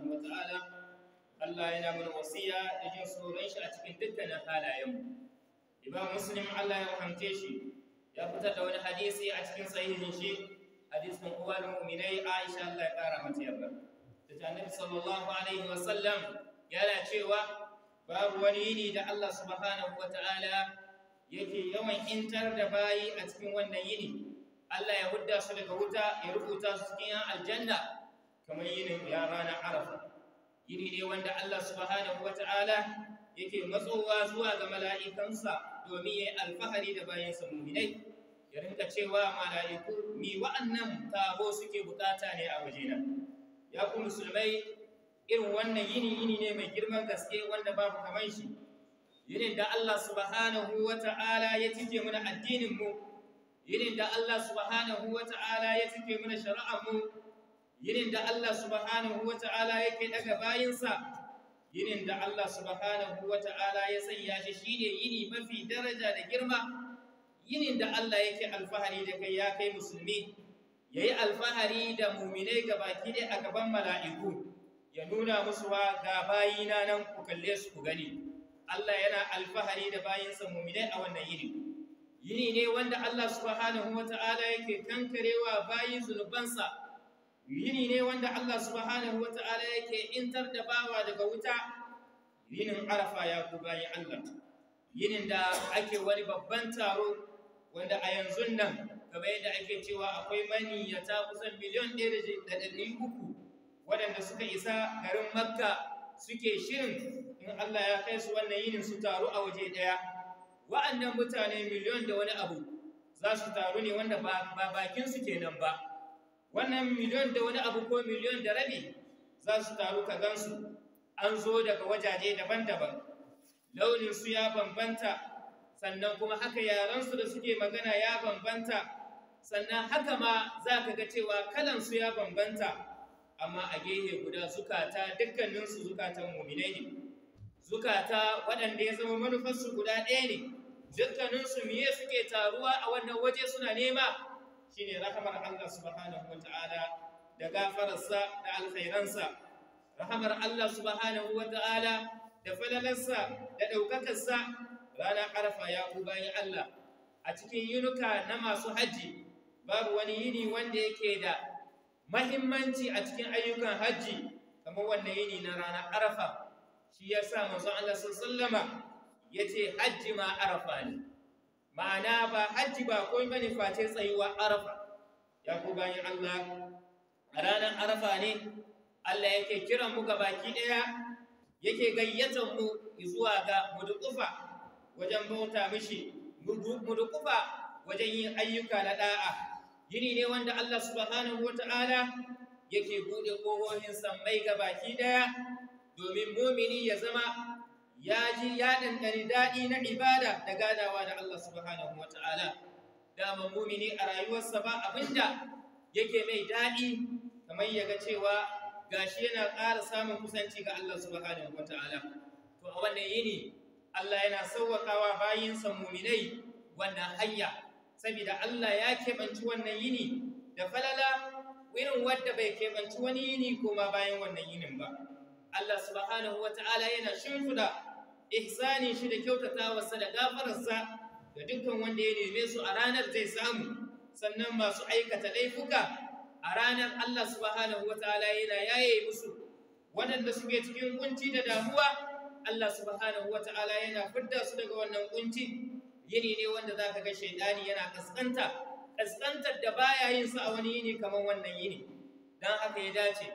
subhanahu wa ta'ala Allah yana mana wasiya da jin tsoron shi a cikin dukkanin halayenmu Imam Muslim Allah ya rahamce shi ya fitar da wani hadisi a cikin sahihin shi hadisin uwar mu'minai Aisha Allah ya kara mata yarda ta Annabi sallallahu alaihi wa sallam yana cewa babu wani yini da Allah subhanahu wa ta'ala yake yawan intar da bayi a cikin wannan yini Allah ya hudda su daga wuta ya rubuta su cikin aljanna kamar yinin ya ranar arafa yini ne wanda Allah subhanahu wata'ala yake matsowa zuwa ga mala'ikansa domin ya yi alfahari da bayansa muminai ya rinka cewa mala'iku mi wa'annan tabo suke bukata ne a wajena ya ku musulmai irin wannan yini yini ne mai girman gaske wanda babu kamar shi yinin da Allah subhanahu wata'ala ya cike mana addinin mu yinin da Allah subhanahu wata'ala ya cike mana shari'ar mu yinin da Allah subhanahu wata'ala yake daga bayinsa yinin da Allah subhanahu ta'ala ya sanya shi shine yini mafi daraja da girma yinin da Allah yake alfahari da kai ya kai musulmi yayi alfahari da mu'minai gabaki dai a gaban mala'iku ya nuna musu wa ga bayina nan ku kalle su ku gani Allah yana alfahari da bayinsa mu'minai a wannan yini yini ne wanda Allah subhanahu ta'ala yake kankarewa bayin zunubansa yini ne wanda Allah subhanahu wata'ala yake intar da bawa daga wuta yinin arafa ya ku bayan Allah yinin da ake wani babban taro wanda a yanzu nan gaba yadda ake cewa akwai maniyyata kusan miliyon ɗaya da uku waɗanda suka isa garin makka suke shirin in Allah ya kai su wannan yinin su taru a waje ɗaya wa'annan mutane miliyon da wani abu za su taru ne wanda ba bakin bakinsu kenan ba wannan miliyon da wani abu ko miliyon da rabi za su taru ka gansu an zo daga wajaje daban-daban launinsu ya bambanta sannan kuma haka yaransu da suke magana ya bambanta sannan haka ma za ka ga cewa kalansu ya bambanta amma a gehe guda zukata dukkaninsu zukatan muminai ne zukata waɗanda ya zama manufarsu guda ɗaya ne dukkaninsu miye suke taruwa a wannan waje suna nema shine rahamar Allah subhanahu ta'ala da gafararsa da alkhairansa rahamar Allah subhanahu ta'ala da falalarsa da ɗaukakarsa ranar arfa ya ubayi Allah a cikin yunuka na masu hajji babu wani yini wanda yake da mahimmanci a cikin ayyukan hajji kamar wannan yini na ranar arfa shi ya sa manzo Allah sallama ya ce hajji ma arfa ne ma'ana ba hajji ba ko bane face tsayuwa arafa ya ku gani Allah a ranar arafa ne Allah yake kiran mu ga baki ɗaya yake gayyatar mu zuwa ga mudukufa wajen bauta mishi mudukufa wajen yin ayyuka na ɗa'a. Gini ne wanda Allah subhanahu wata'ala yake bude kohohin sammai ga baki ɗaya domin mumini ya zama ya ji ya ɗanɗani daɗi na ibada da gadawa da Allah subhanahu wa ta'ala dama mumini a rayuwarsa ba abinda yake mai daɗi kamar ya ga cewa gashi yana ƙara samun kusanci ga Allah subhanahu wa ta'ala to a wannan yini Allah yana sauwaƙawa bayinsa muminai wannan hanya saboda Allah ya keɓanci wannan yini da falala irin wadda bai keɓanci wani yini ko ma bayan wannan yinin ba Allah subhanahu wa ta'ala yana shimfida ihsanin shi da kyautatawarsa da gafararsa ga dukkan wanda ya neme su a ranar zai samu sannan masu aikata laifuka a ranar Allah subhanahu wataala yana yaye musu waɗanda suke cikin kunci da damuwa Allah subhanahu wataala yana fidda su daga wannan kunci yini ne wanda zaka ga shaydani yana kaskanta kaskantar da baya yin sa a wani yini kamar wannan yini dan haka ya dace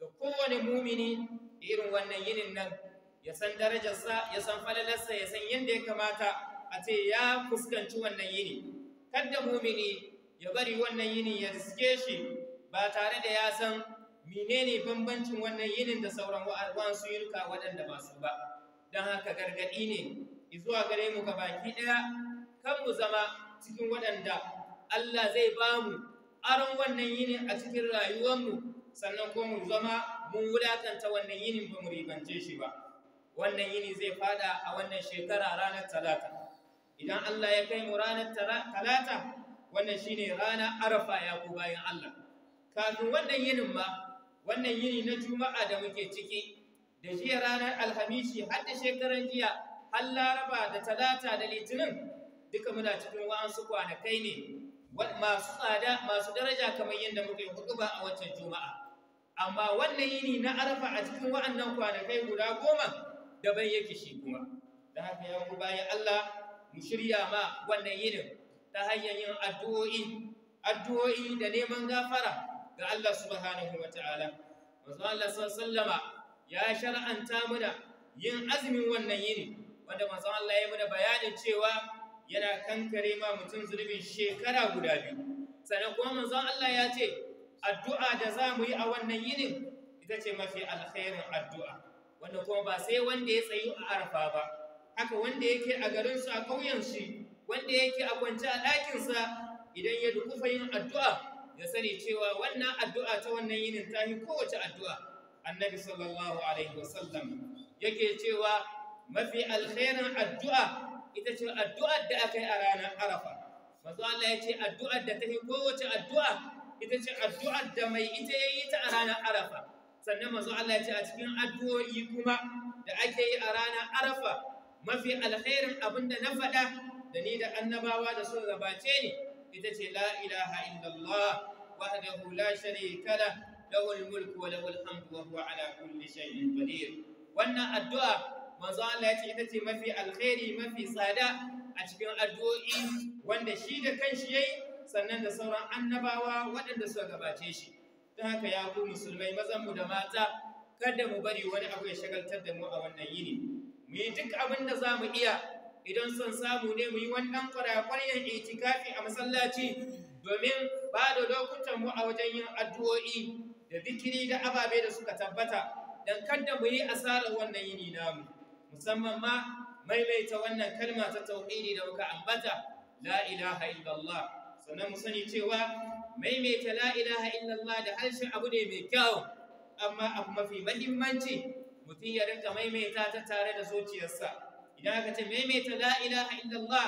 ga kowane mumini irin wannan yinin nan ya san darajarsa ya san falalarsa ya san yadda ya kamata a ce ya fuskanci wannan yini kadda mumini ya bari wannan yini ya riske shi ba tare da ya san menene bambancin wannan yinin da sauran wa'ansu yinka waɗanda ba su ba don haka gargaɗi ne zuwa gare mu ga baki ɗaya kan mu zama cikin waɗanda Allah zai ba mu aron wannan yini a cikin rayuwarmu sannan ko mu zama mun wulakanta wannan yinin ba mu ribance shi ba wannan yini zai fada a wannan shekara ranar talata idan Allah ya kai mu ranar talata wannan shine rana arafa ya ku bayan Allah kafin wannan yinin ma wannan yini na juma'a da muke ciki da jiya ranar alhamisi har da shekaran jiya har laraba da talata da litinin duka muna cikin wa'ansu kwanakai ne masu tsada masu daraja kamar yadda muke ba a waccan juma'a amma wannan yini na arafa a cikin wa'annan kwanakai guda goma daban yake shi kuma da haka ya ku bayan Allah mu shirya ma wannan yinin ta hanyar yin addu'o'i addu'o'i da neman gafara ga Allah subhanahu ta’ala manzo Allah sallama ya shar'anta muna yin azumin wannan yinin, wanda manzo Allah ya muna bayanin cewa yana kankare ma mutum zulubin shekara guda biyu sannan kuma manzo Allah ya ce addu'a da za mu yi a wannan yinin ita ce mafi alkhairin addu'a wanda kuma ba sai wanda ya tsayu a arfa ba haka wanda yake a garinsu a ƙauyen shi wanda yake a kwance a ɗakinsa idan ya dukufa yin addu'a ya sani cewa wannan addu'a ta wannan yinin ta yi kowace addu'a annabi sallallahu alaihi wasallam yake cewa mafi alkhairin addu'a ita ce addu'ar da aka yi a ranar arafa mazu Allah ya ce addu'ar da ta yi kowace addu'a ita ce addu'ar da mai ita ya yi ta a ranar arafa sannan mazu Allah ya ce a cikin addu'o'i kuma da ake yi a ranar arafa mafi alkhairin da na faɗa da ni da annabawa da sun gabace ni ita ce la ilaha illallah wahdahu la sharika la lahul mulku wa lahul hamdu wa huwa ala kulli shay'in qadir wannan addu'a manzo Allah ya ce ita ce mafi alkhairi mafi tsada a cikin addu'o'i wanda shi da kanshi yayi sannan da sauran annabawa waɗanda suka gabace shi don haka ya ku musulmai mazanmu da mata kada mu bari wani abu ya shagaltar da mu a wannan yini mu yi duk abin da za mu iya idan son samu ne mu yi wannan kwarakwaryen itikafi a masallaci domin ba da lokutan mu a wajen yin addu'o'i da zikiri da ababe da suka tabbata don kada mu yi asarar wannan yini namu musamman ma maimaita wannan kalma ta tauhidi da muka ambata la ilaha illallah sannan mu sani cewa maimaita la'ilaha illallah da harshe abu ne mai kyau amma abu mafi mahimmanci mutum ya rinka maimaita ta tare da zuciyarsa idan aka ce maimaita la'ilaha illallah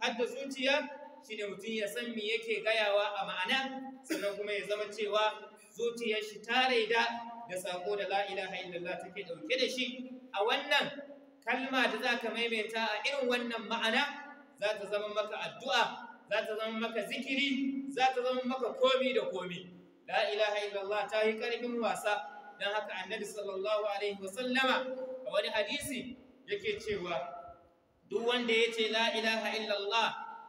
har da zuciya ne mutum ya san me yake gayawa a ma'ana sannan kuma ya zama cewa zuciyar shi ta raida da sako da la'ilaha illallah take dauke da shi a wannan kalma da zaka maimaita a irin wannan ma'ana za ta zama maka addu'a za ta zama maka zikiri za ta zama maka komi da komi la ilaha illallah ta yi karfin wasa don haka annabi sallallahu alaihi wasallama a wani hadisi yake cewa duk wanda ya ce la ilaha illallah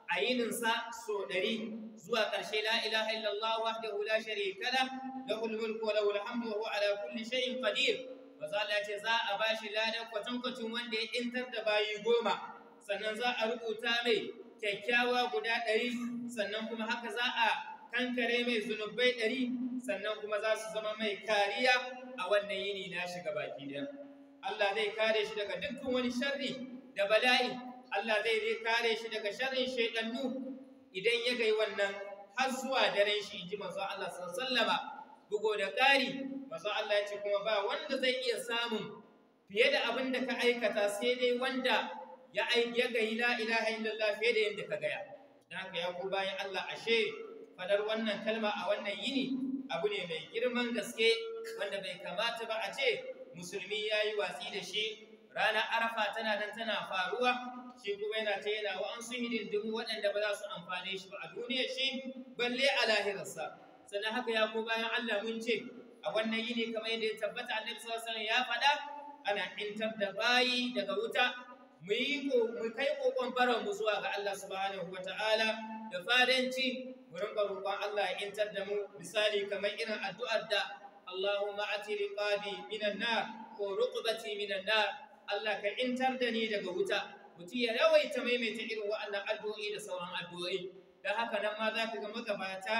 a yininsa so ɗari zuwa ƙarshe la ilaha illallah wahdahu da sharika la lahul mulku wa lahul wa ala kulli shay'in qadir maza ce za a bashi ladan kwatankwacin wanda ya intar da bayi goma sannan za a rubuta mai kyakkyawa guda ɗari sannan kuma haka za a kankare mai zunubai ɗari sannan kuma za su zama mai kariya a wannan yini na shiga baki ɗaya Allah zai kare shi daga dukkan wani sharri da bala'i Allah zai kare shi daga sharrin shaidannu idan ya gai wannan har zuwa daren shi ji masu Allah sallama bugo da ƙari masu Allah ya ce kuma ba wanda zai iya samun fiye da abin da ka aikata sai dai wanda ya aiki ya gayi la ilaha illallah da yadda ka gaya dan haka ya ku bayan Allah ashe fadar wannan kalma a wannan yini abu ne mai girman gaske wanda bai kamata ba a ce musulmi ya yi watsi da shi Rana arafa tana nan tana faruwa shi kuma yana ta yana wa an sun hidindimu waɗanda ba za su amfane shi ba a duniya shi balle a lahirarsa sannan haka ya ko bayan Allah mun ce a wannan yini kamar yadda ya tabbata annabi sallallahu alaihi wasallam ya faɗa ana intar da bayi daga wuta mu kai kokon baran mu zuwa ga Allah subhanahu wataala da fadanci mu rinka roƙon Allah ya intar da mu misali kamar irin addu'ar da Allahumma ati riqabi minan nar ko ruqbati minan nar Allah ka intar da ni daga wuta mutum ya rawaita maimaita irin wa'annan addu'o'i da sauran addu'o'i dan haka nan ma za ka ga magabata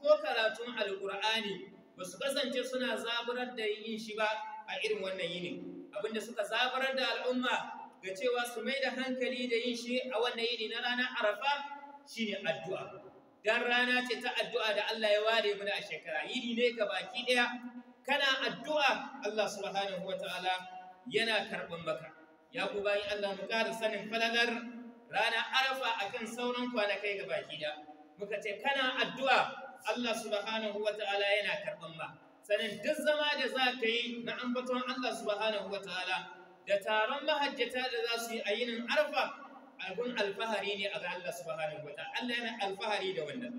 ko karatun alqur'ani ba su kasance suna zaburar da yin shi ba a irin wannan yini abinda suka zaburar da al'umma ga cewa su mai da hankali da yin shi a wannan yini na ranar arafa shine addu'a dan rana ce ta addu'a da Allah ya ware mana a shekara yini ne ga baki ɗaya kana addu'a Allah subhanahu ta'ala yana karban maka ya ku Allah mu ƙara sanin falalar ranar arafa akan sauran kwanakai ga baki ɗaya. muka ce kana addu'a Allah subhanahu ta'ala yana karban ba. sanin duk zama da za ka yi na ambaton Allah subhanahu ta'ala. da taron mahajjata da za su yi a yinin arfa abin alfahari ne a ga Allah subhanahu wata Allah yana alfahari da wannan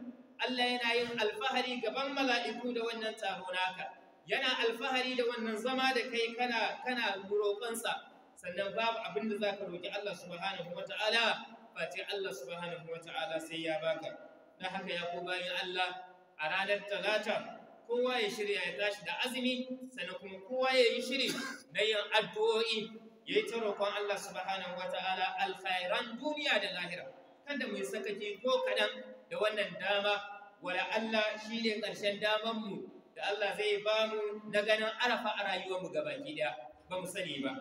Allah yana yin alfahari gaban mala'iku da wannan taro naka yana alfahari da wannan zama da kai kana kana roƙonsa sannan babu abin da za ka roƙi Allah subhanahu wa ta'ala face Allah subhanahu wa ta'ala sai ya baka na haka ya ko bayan Allah a ranar talata kowa ya shirya ya tashi da azumi sannan kuma kowa ya yi shiri na yin addu'o'i ya yi ta roƙon Allah subhanahu wa ta'ala alkhairan duniya da lahira kada mu yi sakaki ko kaɗan da wannan dama wala Allah shi ne ƙarshen damanmu da Allah zai ba mu na ganin arafa a rayuwarmu gaba ɗaya ba mu sani ba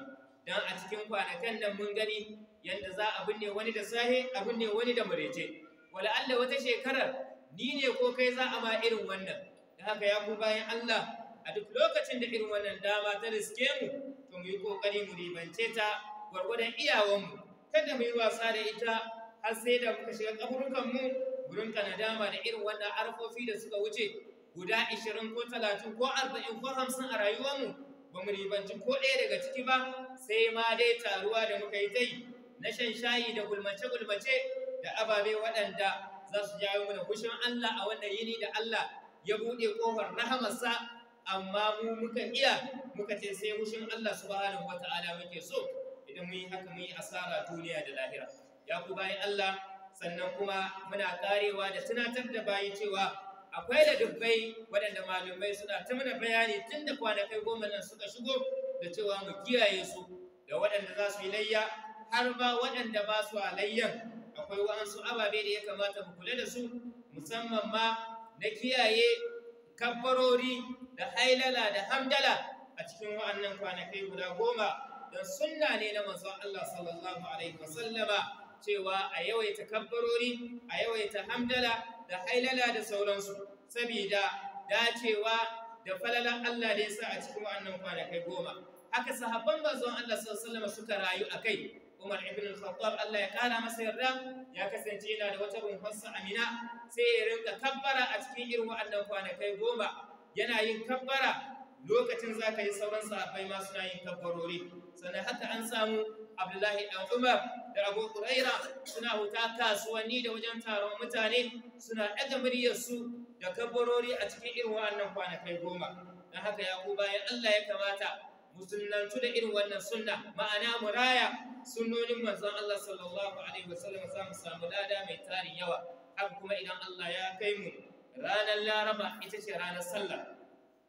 don a cikin kwanakan nan mun gani yadda za a binne wani da sahi a binne wani da murece wala Allah wata shekarar ni ne ko kai za a ma irin wannan haka ya ku bayan Allah a duk lokacin da irin wannan dama ta riske mu to mu yi kokari mu ribance ta gwargwadon iyawanmu kada mu yi wasa da ita har sai da muka shiga kaburukan mu gurin kana dama da irin wannan arfofi da suka wuce guda 20 ko 30 ko 40 ko 50 a rayuwarmu ba mu ribanci ko ɗaya daga ciki ba sai ma dai taruwa da muka yi ta yi na shan shayi da gulmace-gulmace da ababe waɗanda za su jawo mana hushin Allah a wannan yini da Allah ya buɗe ƙofar rahamarsa amma mu muka iya muka ce sai wushin Allah subhanahu wata'ala muke so idan mun yi haka mun yi asara duniya da lahira ya ku bayi Allah sannan kuma muna karewa da tunatar da bayi cewa akwai ladabbai waɗanda malamai suna ta mana bayani tun da kwanakai goma nan suka shigo da cewa mu kiyaye su da waɗanda za su yi layya har ba waɗanda ba su a layyan akwai wa'ansu ababe da ya kamata mu kula da su musamman ma na kiyaye kabbarori da hailala da hamdala a cikin wa'annan kwanakai guda goma don sunna ne na manzon Allah sallallahu alaihi wasallama cewa a yawaita kabbarori a yawaita hamdala da hailala da sauransu sabida dacewa da falalan Allah da sa a cikin wa'annan kwanakai goma haka sahabban manzon Allah sallallahu alaihi wasallama suka rayu a kai. Umar ibn al-Khattab Allah ya kara masa yarda ya kasance yana da wata rumfarsa amina sai ya rinka kabbara a cikin irin wa'annan kwanakai goma yana yin kabbara lokacin za ka yi sauran sahabbai ma suna yin kabbarori sannan haka an samu Abdullahi dan Umar da Abu Huraira suna huta kasuwanni da wajen taron mutane suna ɗaga muryarsu da kabbarori a cikin irin wa'annan kwanakai goma don haka ya bayan Allah ya kamata musulmantu da irin wannan sunna ma'ana muraya raya sunnonin manzon Allah sallallahu alaihi wasallam za mu samu lada mai tarin yawa haka kuma idan Allah ya kai mu ranar laraba ita ce ranar sallah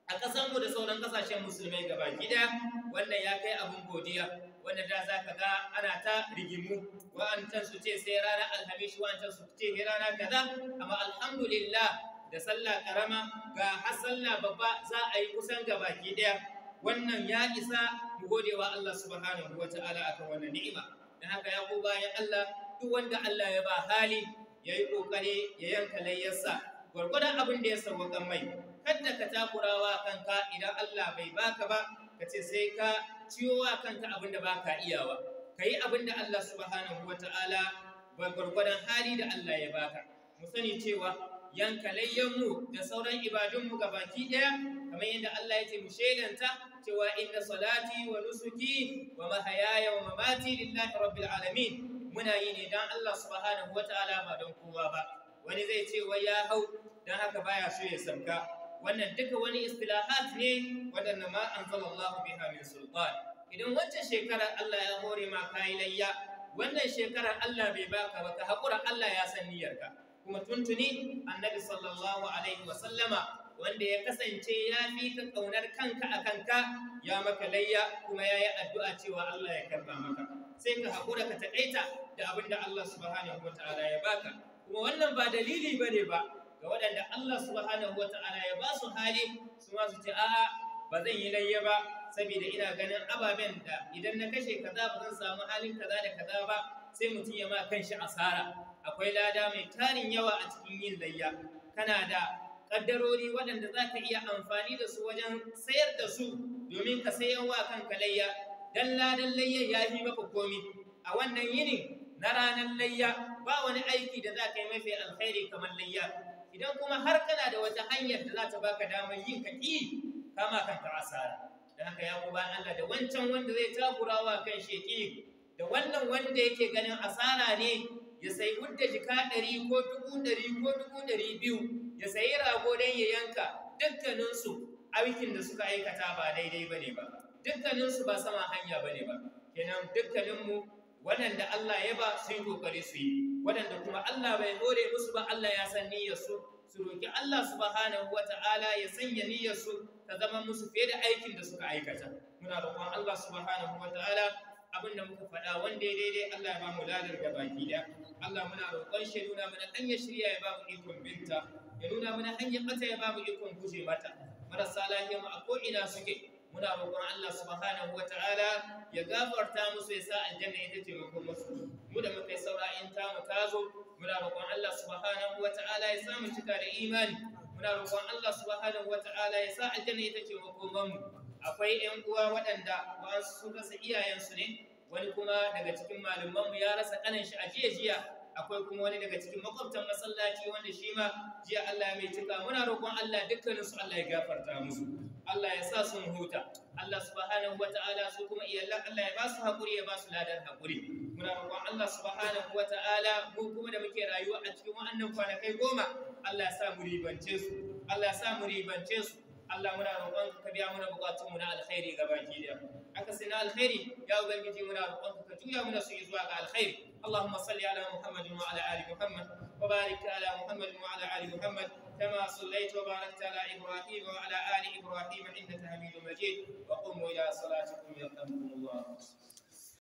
a ƙasanmu da sauran ƙasashen musulmai gaba gida wannan ya kai abin godiya wanda da za ka ga ana ta rigimu wa'antar su ce sai ranar alhamis wa'antar su ce sai rana kaza amma alhamdulillah da sallah karama ga har sallah babba za a yi kusan gaba gida wannan ya isa mu gode wa Allah subhanahu wataala akan wannan ni'ima dan haka ya goba bayan Allah duk wanda Allah ya ba hali yayi kokari ya yanka layyarsa gurgurdan abin da ya sauka mai kada ka takurawa kanka idan Allah bai baka ba ka ce sai ka ciyowa kanka abin da baka iyawa kai abin da Allah subhanahu wataala gurgurdan hali da Allah ya baka mu sani cewa yanka layyanmu da sauran ibadunmu ga baki ɗaya kamar yadda Allah ya ce mu shaidanta cewa inna salati wa nusuki wa mahayaya wa mamati lillahi rabbil alamin muna yi ne don Allah subhanahu wataala ba don kowa ba wani zai ce wai ya hau don haka baya so ya sauka wannan duka wani istilahat ne waɗanda ma anzalallahu biha min sultan idan wancan shekarar Allah ya hore ma kayi layya wannan shekarar Allah bai baka ba ka haƙura Allah ya san niyyarka kuma tuntuni annabi sallallahu alaihi wasallama wanda ya kasance ya fi ka kaunar kanka a kanka ya maka layya kuma ya yi addu'a cewa Allah ya karba maka sai ka haƙura ka taƙaita da abin da Allah subhanahu wa ta'ala ya baka kuma wannan ba dalili ba ne ba ga waɗanda Allah subhanahu wa ta'ala ya ba su hali su ma su ce a'a ba zan yi layya ba saboda ina ganin ababen da idan na kashe kaza ba zan samu halin kaza da kaza ba sai mutum ya ma kanshi asara akwai lada mai tarin yawa a cikin yin layya kana da ƙaddarori waɗanda za ka iya amfani da su wajen sayar da su domin ka sayan wa kanka layya don ladan layya ya fi maka komi a wannan yinin na ranar layya ba wani aiki da za ka yi mafi alkhairi kamar layya idan kuma har kana da wata hanyar da za ta baka damar yin ka ƙi kama kanka asara da haka ya ku Allah da wancan wanda zai takurawa kan sheki da wannan wanda yake ganin asara ne ya sayi wadda jika ɗari ko dubu ɗari ko dubu ɗari biyu ya sayi rago don ya yanka dukkaninsu aikin da suka aikata ba daidai ba ne ba dukkaninsu ba sama hanya ba ne ba kenan dukkaninmu waɗanda Allah ya ba su yi ƙoƙari su yi waɗanda kuma Allah bai more musu ba Allah ya san niyyarsu su roƙi Allah subhanahu wata'ala ya sanya niyyarsu ta zama musu fiye da aikin da suka aikata muna kuma Allah subhanahu wata'ala abin da muka faɗa wanda ya daidai Allah ya ba mu ladar gabaki ɗaya Allah muna roƙon shi ya nuna mana hanyar shirya ya ba mu ikon binta ya nuna mana hanyar bata ya ba mu ikon guje mata marasa lafiya mu a ko'ina suke muna roƙon Allah subhanahu wa ta'ala ya gafarta musu ya sa aljanna ita ce makon musu mu da muka saura in ta mu tazo muna roƙon Allah subhanahu wa ta'ala ya sa mu cika da imani muna roƙon Allah subhanahu wa ta'ala ya sa aljanna ita ce makoman mu akwai ƴan uwa waɗanda ba su rasa iyayensu ne wani kuma daga cikin malumanmu ya rasa kanin shi a jiya jiya akwai kuma wani daga cikin makwabtan masallaci wanda shi ma jiya Allah ya mai tuka muna roƙon Allah dukkanin su Allah ya gafarta musu Allah ya sa sun huta Allah subhanahu wata'ala su kuma iyallan Allah ya ba su hakuri ya ba su ladar hakuri muna roƙon Allah subhanahu wata'ala mu kuma da muke rayuwa a cikin wa'annan kwanakai goma Allah ya sa mu ribance su Allah ya sa mu ribance su Allah muna roƙon ka biya muna buƙatunmu na alkhairi da daya aka sai na alkhairi ya ubangiji muna roƙonka ka juya muna su zuwa ga alkhairi Allahumma salli ala Muhammadin wa ala ali Muhammad wa barik ala Muhammadin wa ala ali Muhammad kama sallaita wa barakta ala Ibrahim wa ala ali Ibrahim innaka Hamidum Majid wa qum ila salatikum yarhamkumullah